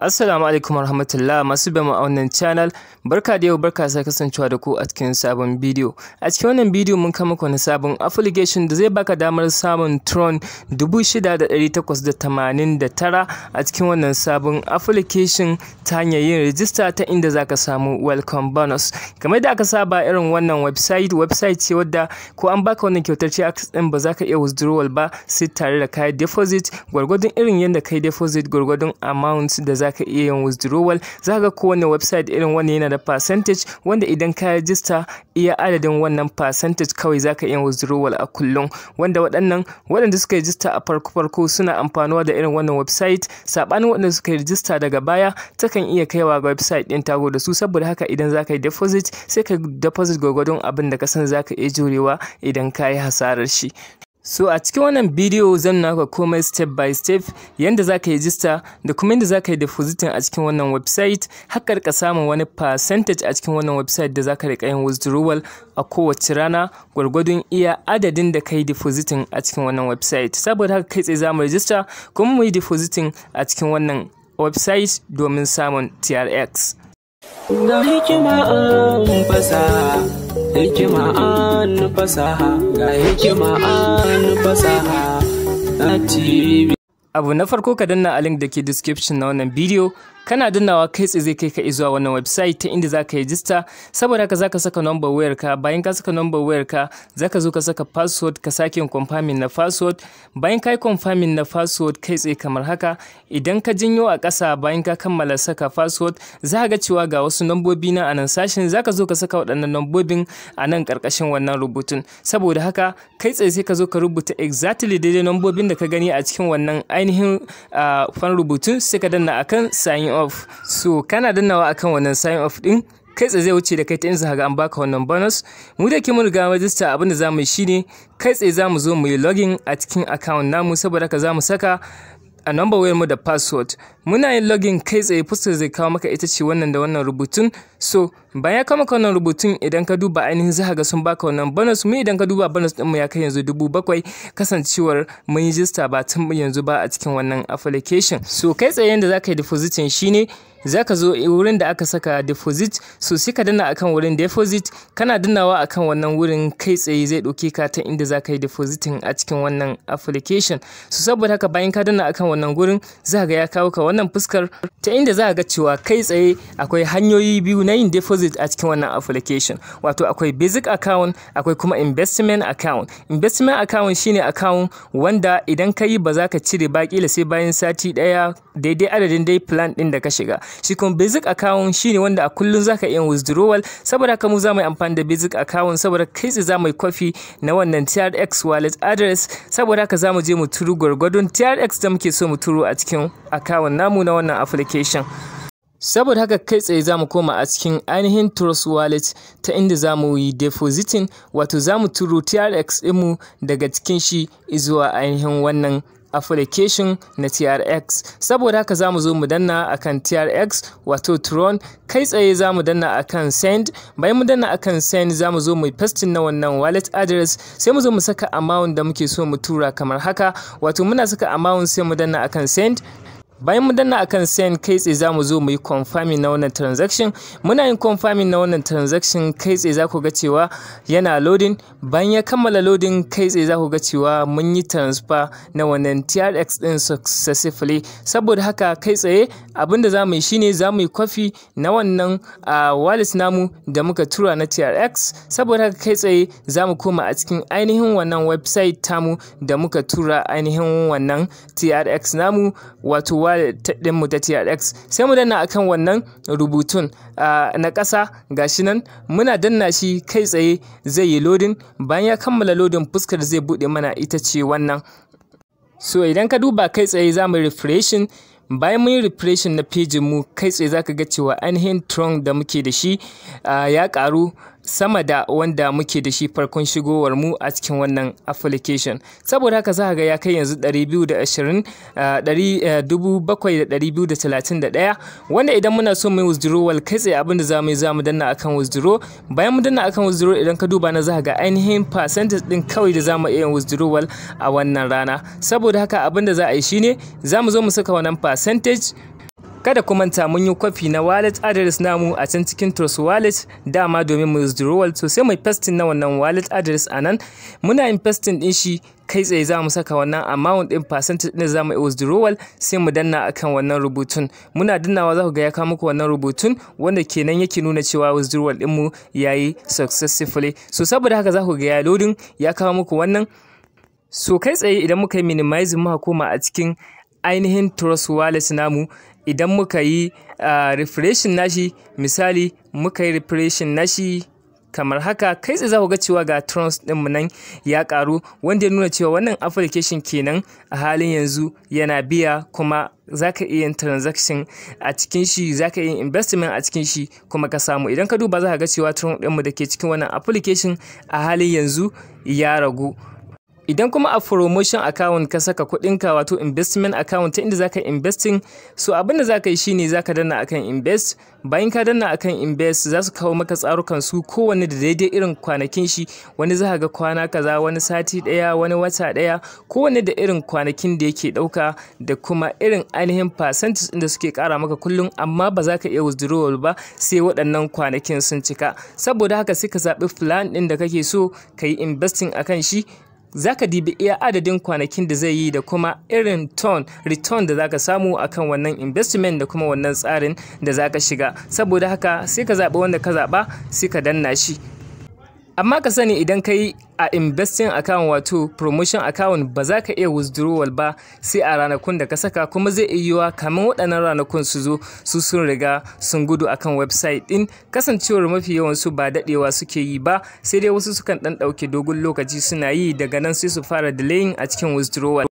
Assalamu alaikum warahmatullahi masu bama a wannan channel barka da yau barka sai kasancewa da ku a cikin sabon bidiyo a cikin wannan bidiyo mun kama ku sabon application da zai baka damar samun tron 6889 a cikin wannan sabon application ta hanyar yin rijista ta inda zaka samu welcome bonus kamar da aka saba irin wannan website website ce wadda ko an baka wannan kyautar ce din ba zaka iya withdrawal ba sai tare da kai deposit gwargwadon irin yadda kai deposit gwargwadon amount da zaka zaka iya yin withdrawal za ka kowane website irin wannan yana da percentage wanda idan ka rajista iya adadin wannan percentage kawai zaka ka iya withdrawal a kullum wanda waɗannan waɗanda suka rajista a farko farko suna amfanuwa da irin wannan website saɓanin waɗanda suka rajista daga baya takan iya kaiwa ga website ɗin tago da su saboda haka idan za ka yi deposit sai ka deposit gwargwadon abin da ka san za ka iya jurewa idan ka yi hasarar shi So a cikin wannan bidiyo zan naka komai step by step yadda za ka yi jista da kuma yadda za ka yi depositing a cikin wannan website har ka samun wani percentage a cikin wannan website da za ka riƙa yin withdrawal a kowace rana gwargwadon iya adadin da ka yi depositing a cikin wannan website. Saboda haka kai tsaye za mu register kuma mu yi depositing a cikin wannan website domin samun TRX. Da hikima an fasa hikima an fasaha ga hikima an fasaha na tv abu na farko ka danna a link da ke description na wannan bidiyo kana dannawa kai tsaye zai kai ka zuwa wannan website ta inda zaka jista saboda haka zaka saka number wayar ka bayan ka saka number wayar ka zaka zo ka saka password ka sake confirming na password bayan kai confirming na password kai tsaye kamar haka idan ka jinyo a ƙasa bayan ka kammala saka password za ga cewa ga wasu nambobi na anan sashin zaka zo ka saka waɗannan nambobin a nan ƙarƙashin wannan rubutun saboda haka kai tsaye sai ka zo ka rubuta exactly daidai nambobin da ka gani a cikin wannan ainihin ah, fan rubutun sai ka danna akan sign off so kana dannawa akan wannan sign off din kai tsaye zai wuce da kai ta in ga an baka wannan bonus mu da ke mun riga rajista abin da zamu yi shine kai tsaye zamu zo mu yi login a cikin account namu saboda ka zamu saka a number wayar mu da password muna yin login kai tsaye fuskar zai kawo maka ita ce wannan da wannan rubutun so bayan kama ka rubutun idan ka duba ainihin za ga sun baka wannan bonus mu idan ka duba bonus mu ya kai yanzu dubu bakwai kasancewar mun register ba tun yanzu ba a cikin wannan application so kai tsaye yadda za ka yi depositin shine za ka zo wurin da aka saka deposit so sai ka danna akan wurin deposit kana dannawa akan wannan wurin kai tsaye zai ɗauke ka ta inda za ka yi depositing a cikin wannan application so saboda haka bayan ka danna akan wannan gurin za ga ya kawo ka wannan fuskar ta inda za ga cewa kai tsaye akwai hanyoyi biyu na yin deposit deposit a cikin wannan application wato akwai basic account akwai kuma investment account investment account shine account wanda idan ka yi ba za ka cire baki la sai bayan sati daya daidai adadin dai plan din da ka shiga shi kuma basic account shine wanda a kullun zaka iya withdrawal saboda kamu za mu yi amfani da basic account saboda kai tsaye za mu yi kwafi na wannan TRX wallet address saboda ka za mu je mu turu gwargwadon TRX da muke so mu turu a cikin account namu na wannan application saboda haka kai tsaye zamu koma a cikin ainihin trust wallet ta inda za mu yi depositing wato zamu mu turo trx ɗinmu daga cikin shi zuwa ainihin wannan application na TRX saboda haka zamu mu zo mu danna akan TRX wato Tron kai tsaye za danna akan send bayan mu danna akan send za mu zo mu paste na wannan wallet address sai mu zo mu saka amount da muke so mu tura kamar haka wato muna saka amount sai mu danna akan send bayan mu danna akan send kai tsaye za mu zo mu yi confirming na wannan transaction muna yin confirming na wannan transaction kai tsaye za ku ga cewa yana loading bayan ya kammala loading kai tsaye za ku ga cewa mun yi transfer na wannan TRX din successfully saboda haka kai tsaye abinda za mu yi shine za mu yi copy na wannan uh, wallet namu da muka tura na TRX saboda haka kai tsaye za mu koma a cikin ainihin wannan website tamu da muka tura ainihin wannan TRX namu wato wallet ɗin mu ta TRX sai mu danna akan wannan rubutun na ƙasa shi nan muna danna shi kai tsaye zai yi lodin bayan ya kammala lodin fuskar zai buɗe mana ita ce wannan so idan ka duba kai tsaye za mu refreshing bayan mun yi refreshing na pejin mu kai tsaye za ka ga cewa ainihin tron da muke da shi ya karu sama da wanda muke da shi farkon shigowar mu a cikin wannan application saboda haka za ga ya kai yanzu 220,731 eh, eh, wanda idan muna so mai withdrawal kai tsaye abinda za mu yi za mu danna akan withdraw bayan mu danna akan withdraw idan ka duba na za ga ainihin percentage din kawai da za mu iya withdrawal a wannan rana saboda haka abinda za a yi shine za mu zo mu saka wannan percentage kada ku manta mun yi kwafi na wallet address namu a can cikin Trust wallet dama domin mu withdrawal to sai mu pasting na wannan wallet address a nan muna yin pasting din shi kai tsaye za mu saka wannan amount din percentage din za mu yi withdrawal sai mu danna akan wannan rubutun muna dannawa za ku ga ya kawo muku wannan rubutun wanda kenan yake nuna cewa withdrawal din mu yayi successfully so saboda haka za ku ga ya loading ya kawo muku wannan so kai tsaye idan muka yi minimizing muka koma a cikin ainihin trust wallet namu idan muka yi uh, refreshing nashi misali muka yi refreshing nashi kamar haka kai tsaye za ku ga cewa ga trons ɗinmu nan ya karu wanda ya nuna cewa wannan application kenan a halin yanzu yana biya kuma za ka iya yin transaction a cikin shi za ka iya investment a cikin shi kuma ka samu idan ka duba za ka ga cewa tron ɗinmu da ke cikin wannan application a halin yanzu ya ragu idan kuma a promotion account ka saka kuɗinka wato investment account ta inda zaka investing so abin da zaka yi shine zaka danna akan invest bayan ka danna akan invest za su kawo maka tsarukan su kowanne da daidai irin kwanakin shi wani za ga kwana kaza wani sati daya wani wata daya kowanne da irin kwanakin da yake ɗauka da kuma irin ainihin percentage da suke kara maka kullum amma ba za ka iya withdrawal ba sai waɗannan kwanakin sun cika saboda haka sai ka zaɓi plan ɗin da kake so ka yi investing akan shi za ka dibi iya adadin kwanakin da zai yi da kuma irin ton return da za ka samu akan wannan investment da kuma wannan tsarin da za ka shiga saboda haka sai ka zaɓi wanda ka zaɓa sai ka danna shi amma ka sani idan ka yi a investing account wato promotion account ba za ka iya withdrawal ba sai a ranakun da ka saka kuma zai iya yiwuwa kamin waɗannan ranakun su zo su sun riga sun gudu akan website din kasancewar mafi yawan su ba daɗewa suke yi ba sai dai wasu sukan ɗan ɗauki dogon lokaci suna yi daga nan sai su fara delaying a cikin withdrawal